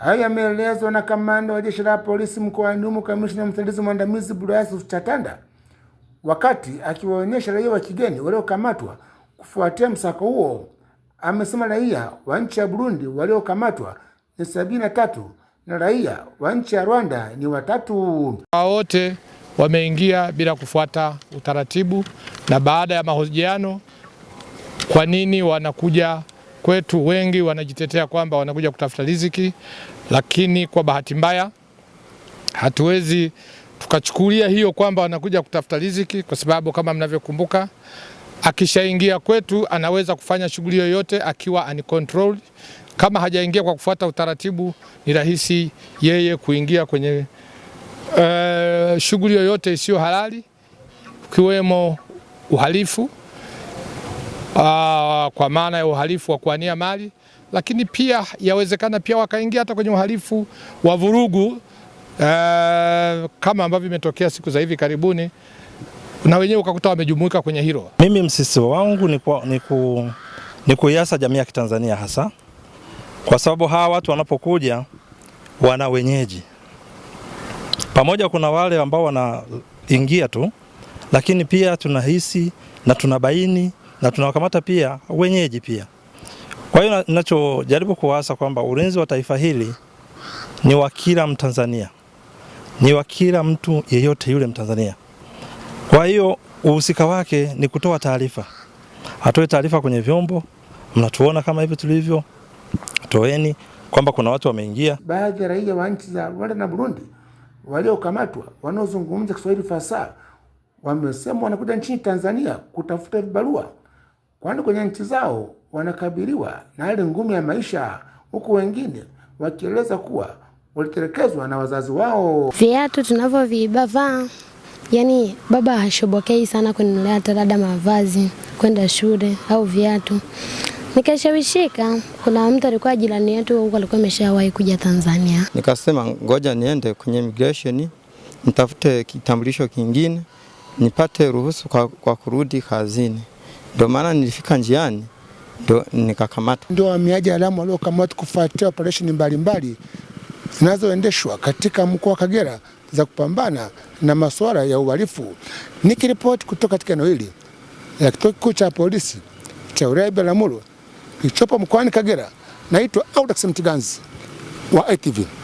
Hayo yameelezwa na kamanda wa jeshi la polisi mkoani humo, kamishna msaidizi mwandamizi Blasius Chatanda wakati akiwaonyesha raia wa kigeni waliokamatwa kufuatia msako huo. Amesema raia wa nchi ya Burundi waliokamatwa ni sabini na tatu na raia wa nchi ya Rwanda ni watatu. Hao wote wameingia bila kufuata utaratibu, na baada ya mahojiano, kwa nini wanakuja Kwetu wengi wanajitetea kwamba wanakuja kutafuta riziki, lakini kwa bahati mbaya hatuwezi tukachukulia hiyo kwamba wanakuja kutafuta riziki, kwa sababu kama mnavyokumbuka, akishaingia kwetu anaweza kufanya shughuli yoyote akiwa uncontrolled. Kama hajaingia kwa kufuata utaratibu, ni rahisi yeye kuingia kwenye uh, shughuli yoyote isiyo halali, ukiwemo uhalifu aa, ah, kwa maana ya uhalifu wa kuania mali, lakini pia yawezekana pia wakaingia hata kwenye uhalifu wa vurugu aa, eh, kama ambavyo imetokea siku za hivi karibuni, na wenyewe ukakuta wamejumuika kwenye hilo. Mimi msisitizo wangu ni ku ni kuiasa jamii ya Kitanzania hasa kwa sababu hawa watu wanapokuja wana wenyeji pamoja, kuna wale ambao wanaingia tu, lakini pia tunahisi na tunabaini na tunawakamata pia wenyeji pia. Kwa hiyo ninachojaribu kuwaasa kwamba ulinzi wa taifa hili ni wa kila Mtanzania, ni wa kila mtu yeyote yule Mtanzania. Kwa hiyo uhusika wake ni kutoa taarifa, atoe taarifa kwenye vyombo. Mnatuona kama hivi tulivyo, toeni kwamba kuna watu wameingia. Baadhi ya raia wa nchi za Rwanda na Burundi waliokamatwa wanaozungumza Kiswahili fasaha wamesema wanakuja nchini Tanzania kutafuta vibarua kwani kwenye nchi zao wanakabiliwa na hali ngumu ya maisha, huku wengine wakieleza kuwa walitelekezwa na wazazi wao. Viatu tunavyoviiba yani baba hashobokei sana kununulia hata dada mavazi kwenda shule au viatu. Nikashawishika, kuna mtu alikuwa jirani yetu huko, alikuwa ameshawahi kuja Tanzania. Nikasema ngoja niende kwenye immigration nitafute kitambulisho kingine nipate ruhusu kwa, kwa kurudi kazini. Ndio maana nilifika njiani ndio nikakamata. Ndio wahamiaji haramu waliokamatwa kufuatia operesheni mbalimbali zinazoendeshwa katika mkoa wa Kagera za kupambana na masuala ya uhalifu. Nikiripoti kutoka katika eneo hili la kituo kikuu cha polisi cha wilaya Biharamulo kilichopo mkoani Kagera, naitwa Audax Mtiganzi wa ITV.